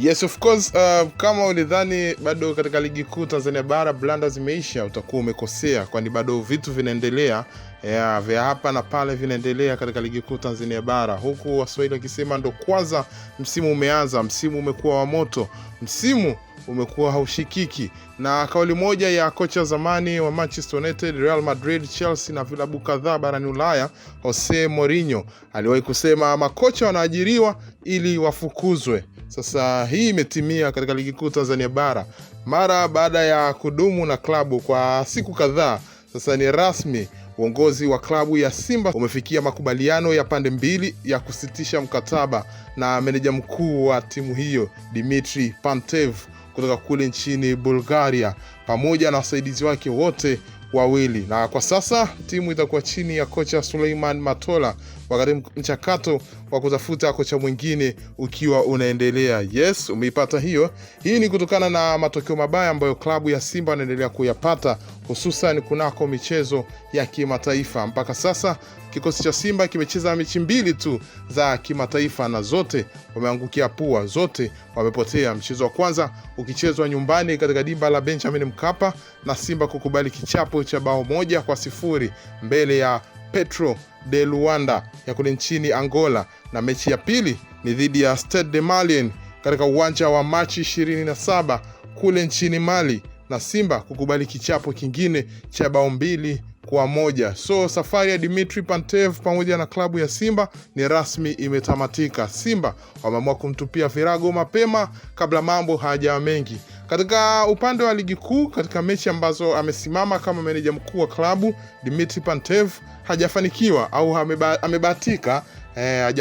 Yes of course. Uh, kama ulidhani bado katika ligi kuu Tanzania bara blanda zimeisha, utakuwa umekosea, kwani bado vitu vinaendelea yeah, vya hapa na pale vinaendelea katika ligi kuu Tanzania bara, huku waswahili wakisema ndo kwanza msimu umeanza. Msimu umekuwa wa moto, msimu umekuwa haushikiki, na kauli moja ya kocha zamani wa Manchester United, Real Madrid, Chelsea na vilabu kadhaa barani Ulaya, Jose Mourinho aliwahi kusema makocha wanaajiriwa ili wafukuzwe. Sasa hii imetimia katika ligi kuu Tanzania bara mara baada ya kudumu na klabu kwa siku kadhaa. Sasa ni rasmi, uongozi wa klabu ya Simba umefikia makubaliano ya pande mbili ya kusitisha mkataba na meneja mkuu wa timu hiyo Dimitri Pantev kutoka kule nchini Bulgaria pamoja na wasaidizi wake wote wawili, na kwa sasa timu itakuwa chini ya kocha Suleiman Matola, wakati mchakato wa kutafuta kocha mwingine ukiwa unaendelea. Yes, umeipata hiyo. Hii ni kutokana na matokeo mabaya ambayo klabu ya Simba wanaendelea kuyapata hususan kunako michezo ya kimataifa. Mpaka sasa kikosi cha Simba kimecheza mechi mbili tu za kimataifa na zote wameangukia pua, zote wamepotea. Mchezo wa kwanza ukichezwa nyumbani katika dimba la Benjamin Mkapa na Simba kukubali kichapo cha bao moja kwa sifuri mbele ya Petro de Luanda ya kule nchini Angola, na mechi ya pili ni dhidi ya Stade de Malien katika uwanja wa Machi 27 kule nchini Mali na Simba kukubali kichapo kingine cha bao mbili kwa moja. So safari ya Dimitri Pantev pamoja na klabu ya Simba ni rasmi imetamatika. Simba wameamua kumtupia virago mapema kabla mambo hayajawa mengi. Katika upande wa ligi kuu, katika mechi ambazo amesimama kama meneja mkuu wa klabu, Dimitri Pantev hajafanikiwa au amebahatika E,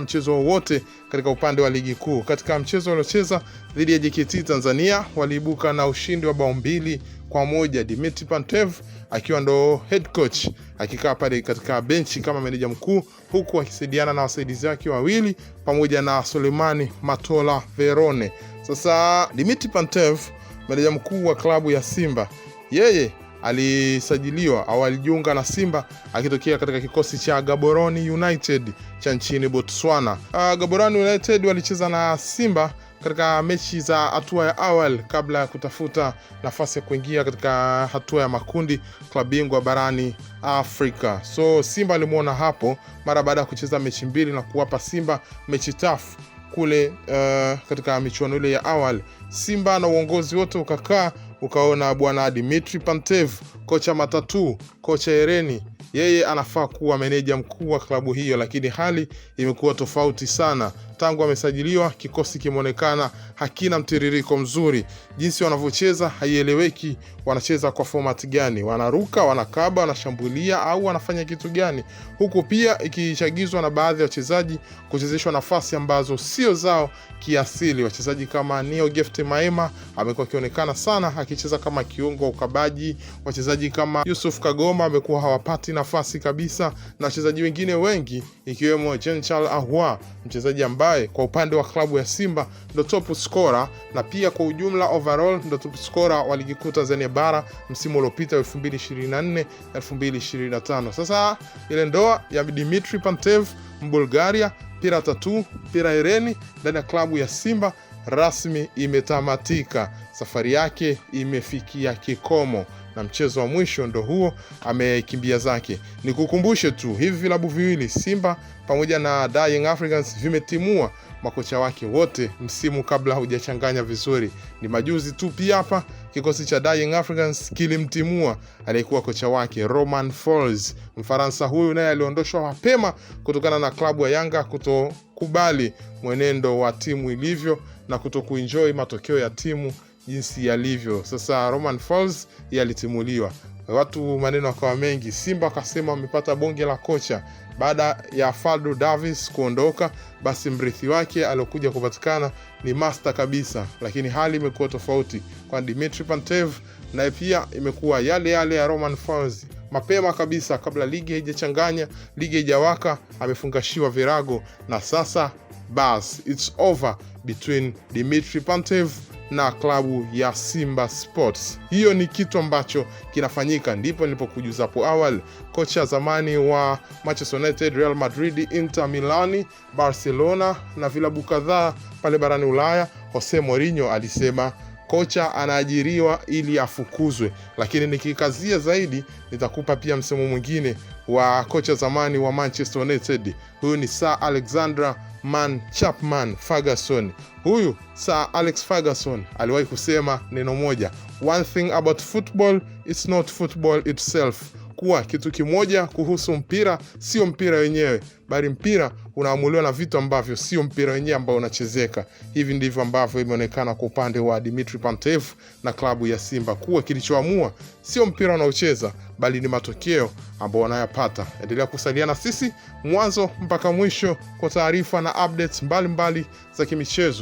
mchezo wowote katika upande wa ligi kuu. Katika mchezo waliocheza dhidi ya JKT Tanzania waliibuka na ushindi wa bao mbili kwa moja, Dimitri Pantev akiwa ndo head coach akikaa pale katika benchi kama meneja mkuu, huku akisaidiana na wasaidizi wake wawili pamoja na Solemani Matola Verone sasa Dimitri Pantev, meneja mkuu wa klabu ya Simba, yeye alisajiliwa au alijiunga na Simba akitokea katika kikosi cha Gaborone United cha nchini Botswana. Uh, Gaborone United walicheza na Simba katika mechi za hatua ya awali kabla ya kutafuta nafasi ya kuingia katika hatua ya makundi klabu bingwa barani Afrika. So Simba alimwona hapo mara baada ya kucheza mechi mbili na kuwapa Simba mechi tafu kule uh, katika michuano ile ya awali Simba na uongozi wote ukakaa ukaona, bwana Dimitri Pantev, kocha matatu, kocha Ereni, yeye anafaa kuwa meneja mkuu wa klabu hiyo, lakini hali imekuwa tofauti sana tangu amesajiliwa kikosi kimeonekana hakina mtiririko mzuri. Jinsi wanavyocheza haieleweki. Wanacheza kwa format gani? Wanaruka, wanakaba, wanashambulia au wanafanya kitu gani? Huku pia ikichagizwa na baadhi ya wachezaji kuchezeshwa nafasi ambazo sio zao kiasili. Wachezaji kama Neo Gift Maema amekuwa akionekana sana akicheza kama kiungo ukabaji. Wachezaji kama Yusuf Kagoma amekuwa hawapati nafasi kabisa, na wachezaji wengine wengi ikiwemo Jean Charles Ahua, mchezaji ambaye kwa upande wa klabu ya Simba ndo top scorer na pia kwa ujumla overall ndo top scorer wa ligi kuu Tanzania bara msimu uliopita 2024 2025. Sasa ile ndoa ya Dimitri Pantev Mbulgaria, Pira Tatu, Pira Ireni ndani ya klabu ya Simba rasmi imetamatika, safari yake imefikia kikomo na mchezo wa mwisho ndo huo amekimbia zake. Nikukumbushe tu hivi vilabu viwili Simba pamoja na Dying Africans vimetimua makocha wake wote msimu kabla hujachanganya vizuri. Ni majuzi tu pia hapa kikosi cha Dying Africans kilimtimua aliyekuwa kocha wake Roman Falls. Mfaransa huyu naye aliondoshwa mapema kutokana na klabu ya Yanga kutokubali mwenendo wa timu ilivyo na kutokuenjoy matokeo ya timu jinsi yalivyo. Sasa Roman Falls yalitimuliwa, watu maneno akawa mengi. Simba akasema wamepata bonge la kocha baada ya Faldo Davis kuondoka, basi mrithi wake aliokuja kupatikana ni masta kabisa, lakini hali imekuwa tofauti, kwa Dimitri Pantev naye pia imekuwa yale yale ya Roman Falls. Mapema kabisa kabla ligi haijachanganya, ligi haijawaka, amefungashiwa virago, na sasa bas, it's over between Dimitri Pantev na klabu ya Simba Sports. Hiyo ni kitu ambacho kinafanyika, ndipo nilipokujuza hapo awali. Kocha zamani wa Manchester United, Real Madrid, Inter Milani, Barcelona na vilabu kadhaa pale barani Ulaya, Jose Mourinho alisema kocha anaajiriwa ili afukuzwe, lakini nikikazia zaidi nitakupa pia msemo mwingine wa kocha zamani wa Manchester United, huyu ni Sir Alexander Man Chapman fagason Huyu sa Alex fagason aliwahi kusema neno moja, one thing about football it's not football itself kuwa kitu kimoja kuhusu mpira sio mpira wenyewe, bali mpira unaamuliwa na vitu ambavyo sio mpira wenyewe ambao unachezeka. Hivi ndivyo ambavyo imeonekana kwa upande wa Dimitri Pantev na klabu ya Simba kuwa kilichoamua sio mpira unaocheza, bali ni matokeo ambao wanayapata. Endelea kusaliana sisi mwanzo mpaka mwisho kwa taarifa na updates mbalimbali za kimichezo.